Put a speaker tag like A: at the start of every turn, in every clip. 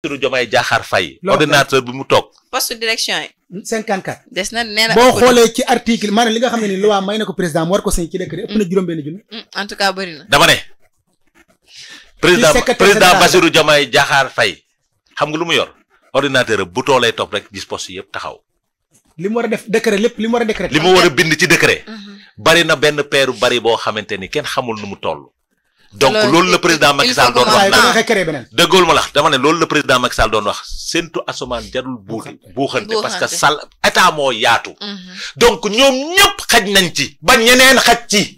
A: Bassirou Diomaye Diakhar Faye ordinateur bi mu toog
B: poste direction yi cinquante quatre des na nee
C: boo xoolee ci article maanaam li nga xam ne ni loi may na ko président mu war ko sañ ci décret ëpp na mm. juróom-benn junni mm, en tout cas bëri
A: na dama ne président président Bassirou Diomaye Diakhar xam nga lu mu yor ordinateur bu too lay rek gis poste yëpp taxaw
C: li mu war a def décret lépp li mu war a décret li mu war a
A: bind ci décret mm-hmm. bari na benn peeru bari boo xamante ni kenn xamul nu mu toll donc loolu la président Macky doon wax
C: naa
A: dëggool ma la dama ne loolu la président Macky Sall doon wax séntu asamaan jarul buuti buuxante parce que Sall état moo yaatu mhm. donc ñoom ñëpp xaj nañ ci ba ñeneen xaj ci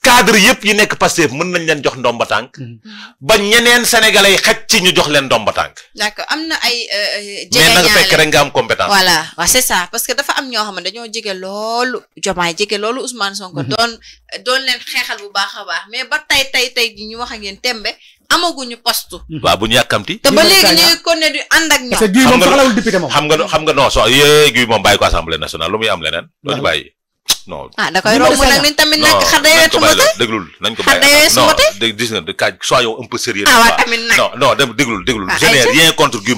A: cadre yëpp yi nekk Pastef mën nañ leen jox ndomba tànk. Mm. ba ñeneen sénégalais yi xaj ci ñu jox leen ndomba tànk.
B: d'accord am na ay. Euh, euh,
A: mais na nga fekk rek nga am compétence.
B: voilà waaw c'est ça parce que dafa am ñoo xam ne dañoo jege loolu Diomaye jege loolu Ousmane Sonko. Mm-hmm. doon doon leen xeexal bu baax a baax mais ba tey tey tey ji ñu wax ngeen tembe amaguñu poste. Mm-hmm. waaw
A: bu ñu yàkkamti. te ba léegi ñu ngi
B: continué di ànd ak ñoom. parce
A: que xam nga xam nga non yee Guy moom bàyyi assemblée nationale lu muy am leneen. doo ci bàyyi non.
B: ah d'accord. Non, non.
A: Non, non un peu sérieux non non je n'ai rien contre Guy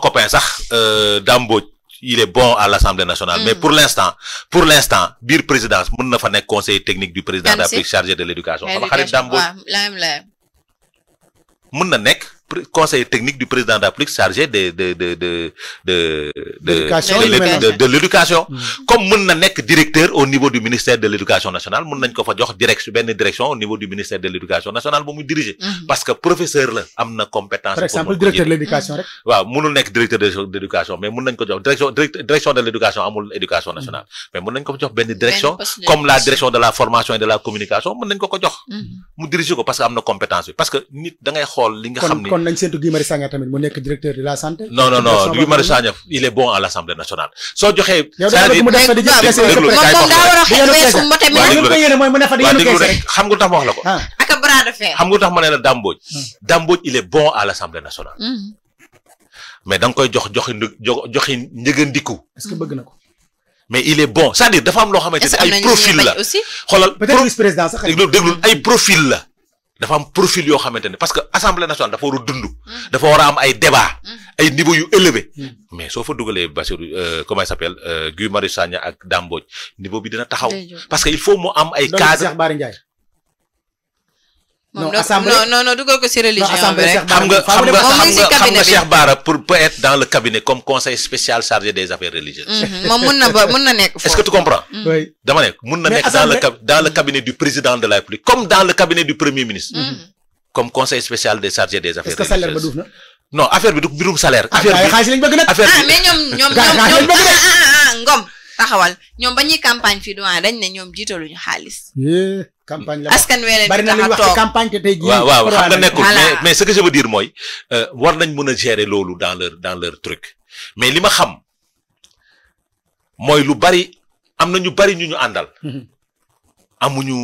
A: copain euh, il est bon à l'Assemblée nationale mais pour l'instant pour l'instant Bir présidence mën na technique du président de chargé de l'éducation
B: sama
A: conseil technique du président de la République chargé de de de de de l'éducation mm. comme mon nek directeur au niveau du ministère de l'éducation nationale mon nek fa jox direction au niveau du ministère de l'éducation nationale bon, muy diriger mm-hmm. parce que professeur là, am compétences compétence par exemple directeur de l'éducation rek mm-hmm. waaw directeur de l'éducation mais mon nek jox direction direction de l'éducation amul éducation nationale mm-hmm. mais mon nek fa jox direction comme la direction de la formation et de la communication mon nek ko ko jox mu diriger ko parce que am na compétence parce que nit da ngay xool li nga
C: kon nañ séntu Guy Marius Sagna tamit mu nekk directeur de la santé. non non non Guy Marius Sagna
A: il est bon à l'Assemblée nationale. soo joxee. cest dire a la ko. Ah. ak bras de fer. xam nga tax ma ne la Dame Mbodj. Hmm. Dame Mbodj il
C: hmm.
A: da nga koy jox joxi joxi njëgandiku. est-ce que bëgg na ko. mais il est bon c'est-à-dire dafa am loo xamante ay profil la
C: xoolal déglu
A: déglu ay profil la dafa am profil yoo xamante ne parce que assemblée nationale dafa war a dund. Mm. dafa war am ay débat mm. ay niveau yu élevé. Mm. mais soo fa dugalee Bassirou euh, comment il s'appelle euh, Guy Marius Sagna ak Dame Mbodj bi dana taxaw. parce que il faut mu am ay cadre Cheikh
C: non non non c'est religion
A: pour être dans le cabinet comme conseil spécial chargé des affaires religieuses.
B: Mm-hmm. est-ce que tu comprends. Mm-hmm. oui
A: dans le cabinet du président de la République comme dans le cabinet du premier ministre. Mm-hmm. comme conseil spécial des des affaires religieuses. est-ce que non affaire bi du salaire. Ah, affaire nous, nous, nous, nous, mais nous, nous, nous,
B: nous, nous, Ngom nous, nous, nous, campagne nous, nous,
C: nous. campagne la askan campagne
A: moy lolu moy lu bari am nañu bari ñu ñu andal mm-hmm. amuñu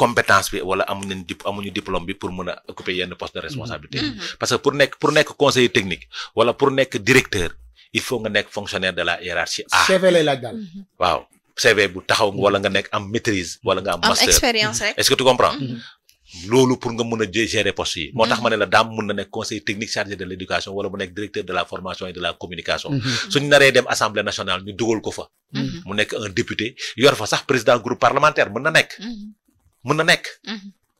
A: compétence bi wala amuñu dip amuñu diplôme bi pour mëna occuper yenn poste de responsabilité mm-hmm. parce que pour nek pour nek conseiller technique wala pour nek directeur il faut nga nek fonctionnaire de la hiérarchie A chevele la dal mm-hmm. waaw CV mm-hmm. ce que tu comprends mm-hmm. Mm-hmm. loolu pour nga mën a gérer moo tax ma ne la daam mën na nekk conseil technique chargé de l'éducation wala mu nekk directeur de la formation et de la communication suñ naree dem assemblée nationale ñu dugal ko fa mu nekk un député yor fa sax président groupe parlementaire mën na nekk mën na nekk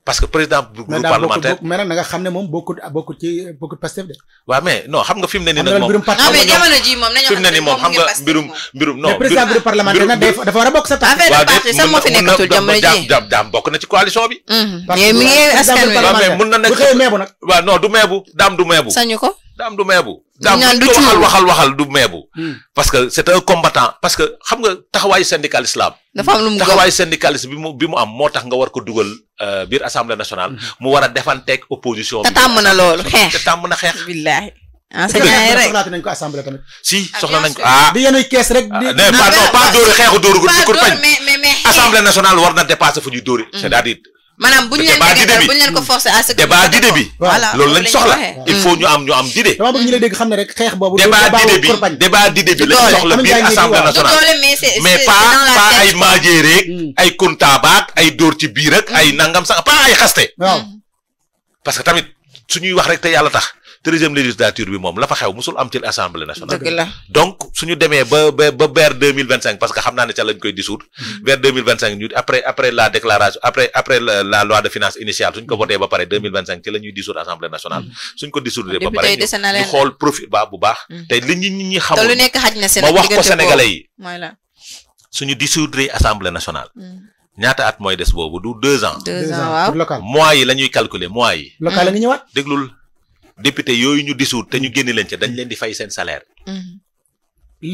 A: parce que président du groupe parlementaire
C: mais nag nga xam ne moom bokkut bokkut Pastef de.
A: waaw mais non xam nga fi ne nii nag moom xam nga jamono ji moom nañu xam xam nga mbirum mbirum non. président groupe parlementaire nag dafa
C: a bokk sa tax. affaire de parti sax moo fi nekkatul jamono
A: bokk na ci coalition bi.
C: Mhm. mais
A: mi ngi askan wi mun na nekk. bu xëyee meebu nag. du meebu daam du meebu. ko. daam du bu daam du waxal waxal waxal du meebu. Hmm. parce que c'est un combattant parce que xam nga taxawaayu syndicaliste la am. dafa am lu mu taxawaayu syndicaliste bi mu bi mu am moo tax nga war ko dugal euh, biir assemblée nationale. Hmm. mu war a defanteeg opposition bi. te tàmm na loolu xeex te tàmm na xeex. billaahi. enseignant
C: yi nañ ko assemblée tamit.
A: si ah, soxla nañ ko ah. di yéen kees rek. di non pas non pas dóori assemblée nationale war na dépasser fu ñuy dóori. Hmm. c'est-à-dire
B: maanaam bu ñu leen tegee bu ñu loolu lañ soxla
A: il faut ñu am ñoo am d'idée dama bëgg ñu la xam ne rek xeex boobu débat d'idée bi débat d'idée bi lañ soxla biir assemblée nationale
B: mais pas pas ay
A: maajee rek hmm. ay kuntaabaak ay dóor ci biir ak ay hmm. nangam sax pas ay xaste hmm. parce que tamit ñuy wax rek te yàlla tax treizième législature bi moom la fa xew musul am ci assemblée nationale. dëgg la donc demee ba ba ba vers deux mille vingt cinq parce que xam naa ne ca lañ koy dissoudre. Mhm. vers deux mille vingt cinq ñu dissoudre assemblée nationale. Mhm. suñ ko dissoudre ba pare ñu xool profit ba bu baax. Mhm. te li ñi ñi xamul lu nekk xaj na seen ma wax ko sénégalais
B: yi.
A: dissoudre assemblée nationale. ñaata at mooy des boobu du deux ans. deux ans waaw mois yi la calculer mois député yooyu ñu dissout te ñu génne leen ca dañ leen di fay seen salaire.
C: Mm-hmm.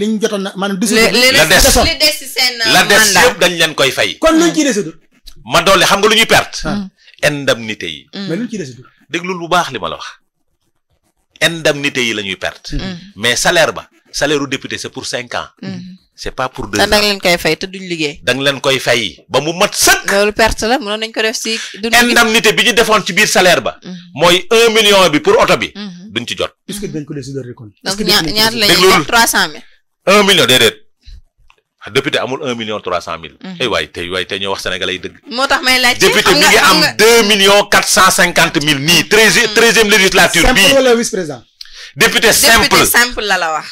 C: liñ jotoon na maanaam
A: dissout. li la des
B: li des si seen la euh, des
A: yëpp dañ leen koy fay. kon luñ ciy desidul. ma doole xam nga lu ñuy perte. Ah. Mm. indemnité yi. Mm. mais luñ déglul bu baax li ma la wax. indemnité yi lañuy ñuy perte. Mm. mais salaire ba salaire u député c'est pour cinq ans. c'est pas pour deux ans. dang
B: len koy fay te duñ liggé
A: dang len koy fay ba mu mat sëkk.
B: loolu perte la mënon nañ ko def si. dund indemnité
A: bi ñu defoon ci biir salaire ba. moy mhm. 1 million bi pour auto bi. Mhm. duñ ci jot. est-ce que dañ ko décider récolte
C: est-ce que ñaar
B: ñaar 300000
A: 1 million déedéet. Ah, député amul 1 million 300000 cent mille. Mhm. Eh ay way tey waay tey ñoo wax sénégalais yi dëgg.
B: motax tax may laajte député mi ngi am
A: 2 millions 450000 ni 13 nii. législature bi simple wala vice président. député simple député
B: simple la la wax.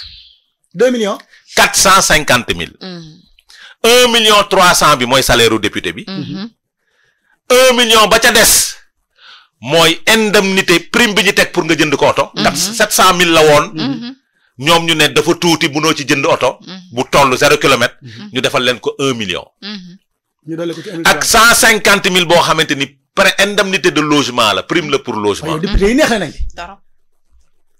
A: 2 millions. quatre cent cinquante mille. un million trois cent bi mooy salaire u député bi. un million ba ca des. mooy indemnité prime bi ñu teg pour nga jënd ko oto. kat mhm. sept cent mille la woon. Mhm. ñoom ñu ne dafa tuuti bu noo ci jënd oto. Mhm. bu toll zéro kilomètre. ñu defal leen ko un million.
C: ñu dale ak
A: cent cinquante mille boo xamante ni pré indemnité de logement la prime la pour logement. député yi neexle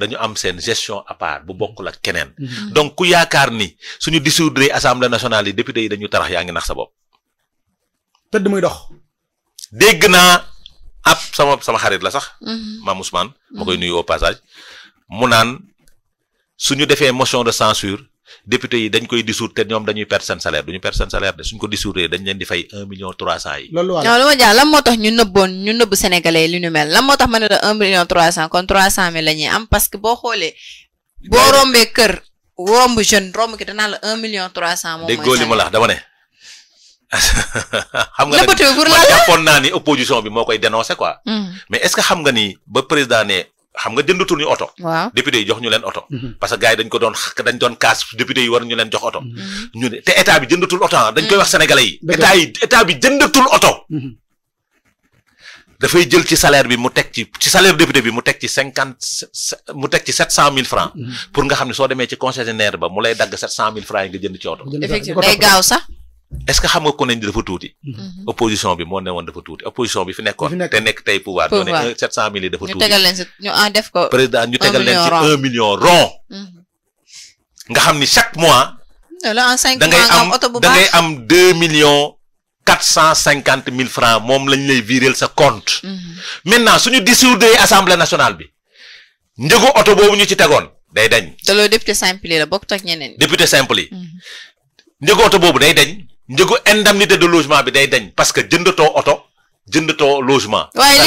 A: dañu am seen gestion à part bu bokkul ak keneen. Mhm. Mhm. donc ku yaakaar ni suñu dissoudre assemblée nationale yi député yi dañu tarax yaa ngi nax sa bopp. tëdd muy dox. dégg naa ab sama sama xarit la sax. maam mhm. Ousmane. ma koy nuyu au passage. mu naan suñu defee motion de censure député yi dañ koy dissoudre te ñoom dañuy perte salaire du ñu salaire de suñ ko dissoudre dañ leen di fay un million trois cent yi. loolu waaw
B: lu ma jaaxal lan moo tax ñu nëbboon ñu nëbb sénégalais li ñu mel lan moo tax ma ne la un million trois cent kon trois am parce boo xoolee. boo rombee kër romb jeune romb ki danaa la un million trois cent. moom mooy déggoo
A: li ma la dama ne. bi moo koy dénoncé quoi. Hmm. mais xam nga ni ba président ne xam nga jëndatu ñu oto. waaw député yi jox ñu leen oto. Mhm. parce que dañ ko doon dañ doon kaas député yi war ñu leen jox oto. Mhm. ñu ne te état bi jëndatul oto ah, dañ koy mhm. wax sénégalais yi. état yi état bi jëndatul oto. dafay jël ci salaire bi mu teg ci ci salaire député bi mu teg ci cinquante mu teg ci sept cent mille francs pour nga xam ne soo demee ci concessionnaire ba mu lay dagg sept cent mille francs yi nga jënd ci oto. day gaaw sax. est-ce que xam nga ko nañ dafa tuuti. Mm-hmm. opposition bi moo ne woon dafa tuuti opposition bi fi nekkoon. te nekk tey pouvoir. pouvoir doo ne 700 mille yi dafa tuuti. ñu tegal leen
B: ñu ci ah, 1
A: million rond. Mm-hmm. nga xam ni chaque mois.
B: en am oto bu da ngay am
A: mille francs moom lañ lay viréel sa compte. Mm-hmm. maintenant suñu dissoudre assemblée nationale bi. njëgu oto boobu ñu ci tegoon day dañ.
B: te loolu député simple la bokk ak ñeneen.
A: député simple yi. njëgu oto boobu day dañ. njëgu indemnité de logement bi day dañ parce que jëndatoo auto jëndatoo logement. way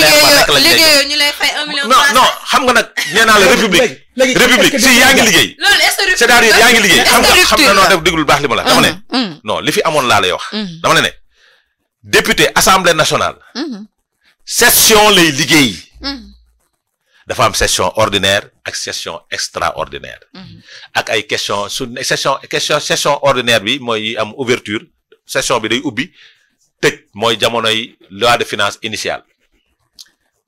A: liggéeyoo
B: ñu lay fay 1 million. non non
A: xam nga nak nee la république. république si yaangi yaa ngi est loolu c'est-à-dire yaangi ngi liggéey. xam nga xam nga noo def déglu bax lima la. dama né mm, mm. non li fi amone la lay wax. Mm. dama né député assemblée nationale. Mm-hmm. session lay liggéey. dafa am session ordinaire ak session extraordinaire. Mm-hmm. ak ay question su session question session ordinaire bi moy am ouverture session bi day ubbi tëj mooy la loi de finance initiale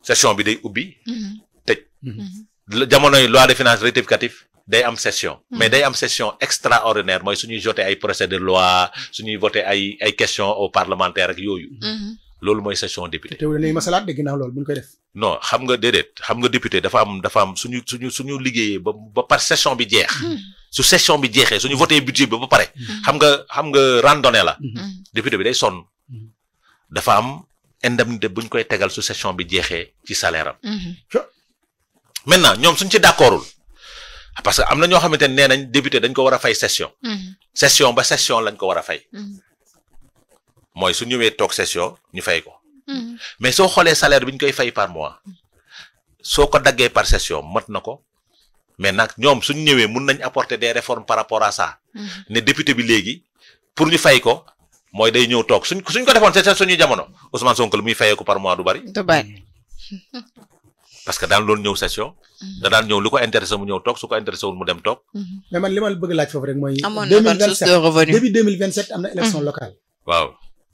A: session bi day ubbi. Mm-hmm. tëj. Mm-hmm. la loi de finance rectificatif day am session. Mm-hmm. mais day am session extraordinaire moy suñu à ay procès de loi suñu voter ay ay questions aux parlementaires ak loolu mooy section député. te
C: dañuy masalaat de ginnaaw loolu bu
A: non xam nga déedéet xam nga député dafa am dafa am suñu suñu suñu liggéeyee ba ba par session bi jeex. Hmm. su session bi jeexee suñu voté budget bi ba pare. Hmm. xam nga xam nga randonnée la. Hmm. député bi day sonn. dafa am indemnité buñ koy tegal su session bi jeexee ci salaire am. maintenant ñoom suñ ci d'accordul parce que am na ñoo xamante ne nee nañ député dañ ko war a fay session. session ba session lañ ko war a fay. mooy su ñëwee toog session ñu fay ko. Hmm. mais soo xoolee salaire bi ñu koy fay par mois soo ko daggee par session mat na ko mais nag ñoom suñu ñëwee mun nañ apporter des réformes par rapport à ça. Hmm. ne député bi léegi pour ñu fay ko mooy day ñëw toog su suñ ko defoon c'est suñu jamono Ousmane Sonko lu muy fayee ko par mois du bari. du bari. parce que daan loolu ñëw session. Hmm. da daan ñëw lu ko intéressé mu ñëw toog su ko intéressé mu dem toog.
C: mais man li ma bëgg laaj foofu de revenu début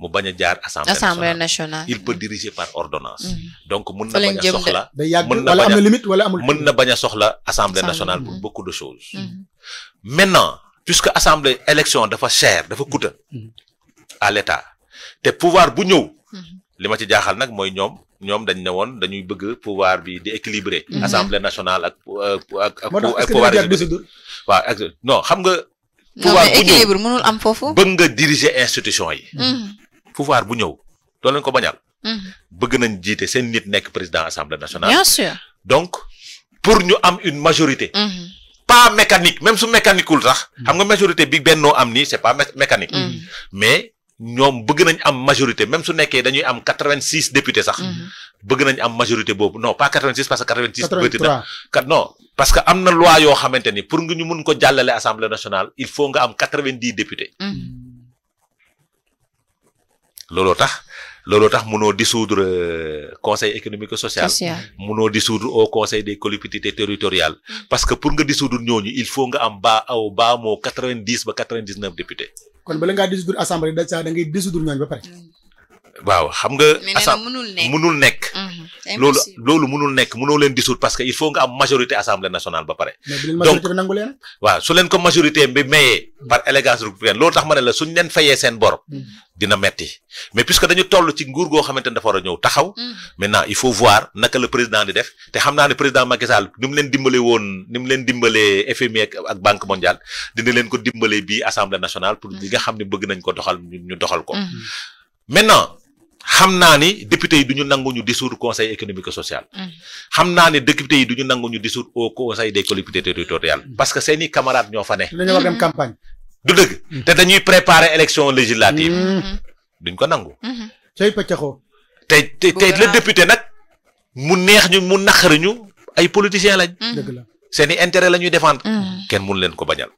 A: mu bañ a jaar assemblée nationale il peut diriger par ordonnance mm-hmm. donc mën na bañ a soxla mën na a limite wala amul a soxla assemblée nationale pour mm-hmm. beaucoup de choses mm-hmm. maintenant puisque assemblée élection dafa cher dafa coûte à l'état te pouvoir bu ñëw li ma ci jaaxal nag mooy ñoom ñoom dañ ne woon dañuy bëgg pouvoir bi di équilibrer assemblée nationale ak ak ak pouvoir waaw ak non xam nga pouvoir bu ñëw
B: mënul am foofu bëgg
A: nga institution yi pouvoir bu ñëw doo leen ko bañal. Mm-hmm. bëgg nañ jiite seen nit nekk président assemblée nationale. bien sûr donc pour ñu am une majorité. Mm-hmm. pas mécanique même su mécaniqueul sax. Mm-hmm. xam nga majorité bi bennoo am nii c'est pas mécanique. mais ñoom bëgg nañ am majorité même su nekkee dañuy am 86 députés sax. bëgg nañ am majorité boobu non pas 86, parce que 86... non parce que am na loi yoo xamante ni pour nga ñu mun ko jàllale assemblée nationale il faut nga am 90 députés. lolo tax lolo tax mëno dissoudre conseil économique social mëno dissoudre au oh, conseil des collectivités territoriales mm. parce que pour nga dissoudre ñooñu il faut nga am ba au ba mo 90 ba 99 députés
C: kon la nga dissoudre assemblée da ngay dissoudre ñooñu ba paré mm.
A: waaw xam nga. assemblée mënul nekk mënul nekk.
C: Mhm, loolu
A: loolu nekk mënoo leen dissoudre parce que il faut nga am majorité assemblée nationale ba pare. donc waaw su leen ko majorité bi mayee. par élégance républicaine loolu tax ma ne la suñ leen fayee seen bor. Mhm. dina metti mais puisque dañu toll ci nguur goo xamante ne dafa war a ñëw taxaw. Mhm. maintenant il faut voir naka la président di def te xam naa ne président Macky Sall ni leen dimbale woon ni leen dimbalee FMI ak ak Banque mondiale dina leen ko dimbale bii assemblée nationale pour li nga xam ne bëgg nañ ko doxal ñu doxal ko. xamna ni député yi duñu nangu ñu dissoudre conseil économique et social. Mm. xamna ni député yi du nangu ñu dissoudre au conseil des collectivités territoriales. Mm. parce que c'est ni camarade ño fa né dañu war dem mm-hmm. campagne. du deug mm. te dañuy préparer élection législative. Mm-hmm. duñ ko nangu. Mm-hmm. cay pecxo te te te le député nak mu neex ñu mu naqari ñu ay politiciens lañ. deug la c'est ni intérêt la ñuy défendre. kenn mun leen ko bañal.